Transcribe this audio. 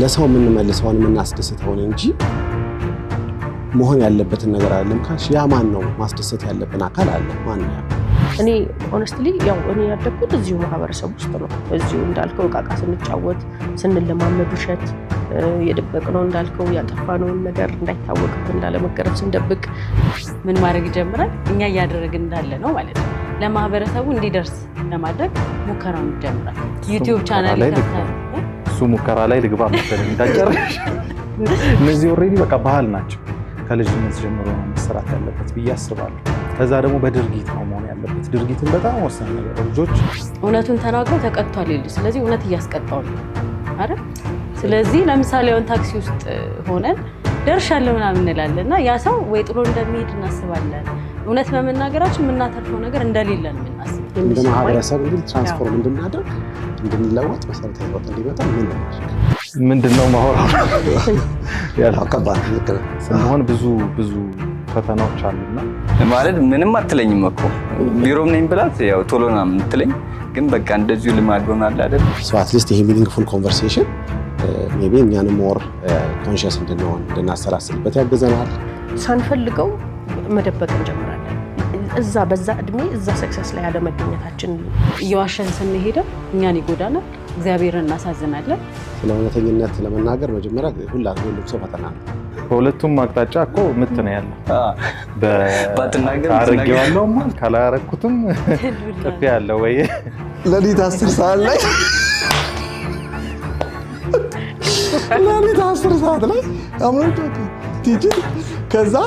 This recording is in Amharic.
ለሰው የምንመልሰውን የምናስደስተውን እንጂ መሆን ያለበትን ነገር አይደለም ካልሽ ያ ማን ነው ማስደሰት ያለብን አካል አለ ማን ነው እኔ ኦነስትሊ ያው እኔ ያደግኩት እዚሁ ማህበረሰብ ውስጥ ነው እዚሁ እንዳልከው እቃ ስንጫወት ስንለማመድ ውሸት ነው እንዳልከው ያጠፋነውን ነገር እንዳይታወቅብን እንዳለመገረፍ ስንደብቅ ምን ማድረግ ይጀምራል እኛ እያደረግን እንዳለ ነው ማለት ነው ለማህበረሰቡ እንዲደርስ ለማድረግ ሙከራውን ይጀምራል ዩቲዩብ ቻናል ይከፍታል እሱ ሙከራ ላይ ልግባ መሰለኝ እንዳጨረሽ። እነዚህ ኦልሬዲ በቃ ባህል ናቸው፣ ከልጅነት ጀምሮ ነው መሰራት ያለበት ብዬ አስባለሁ። ከዛ ደግሞ በድርጊት ነው መሆን ያለበት። ድርጊትን በጣም ወሰን ነገር ልጆች እውነቱን ተናግረው ተቀጥቷል ይሉ። ስለዚህ እውነት እያስቀጣው ነው አረ ስለዚህ ለምሳሌ አሁን ታክሲ ውስጥ ሆነን ደርሻለሁ ምናምን እንላለን እና ያ ሰው ወይ ጥሎ እንደሚሄድ እናስባለን። እውነት በመናገራችን የምናተርፈው ነገር እንደሌለን የምናስብ እንደ ማህበረሰብ እንግዲህ ትራንስፎርም እንድናደርግ እንድንለወጥ መሰረታዊ ለውጥ እንዲመጣ ምን ምንድን ነው ማሆራባሆን ብዙ ብዙ ፈተናዎች አሉና ማለት ምንም አትለኝም እኮ ቢሮም ነኝ ብላት ያው ቶሎ ና የምትለኝ ግን በቃ እንደዚሁ ልማድ ሆናል አይደል አትሊስት ይሄ ሚኒንግፉል ኮንቨርሴሽን ቢ እኛን ሞር ኮንሽስ እንድንሆን እንድናሰላስልበት ያግዘናል ሳንፈልገው መደበቅ እንጀምራል እዛ በዛ እድሜ እዛ ሰክሰስ ላይ ያለመገኘታችን እየዋሸን ስንሄደው እኛን ይጎዳናል፣ እግዚአብሔርን እናሳዝናለን። ስለ እውነተኝነት ለመናገር መጀመሪያ ሁላ ሁሉም ሰው ፈተና ነው። በሁለቱም አቅጣጫ እኮ ምት ነው ያለው። አድርጌዋለሁማ ካላረኩትም ጥፊ ያለ ወይ ለሊት አስር ሰዓት ላይ ለሊት አስር ሰዓት ላይ አምሮት ቲችን ከዛ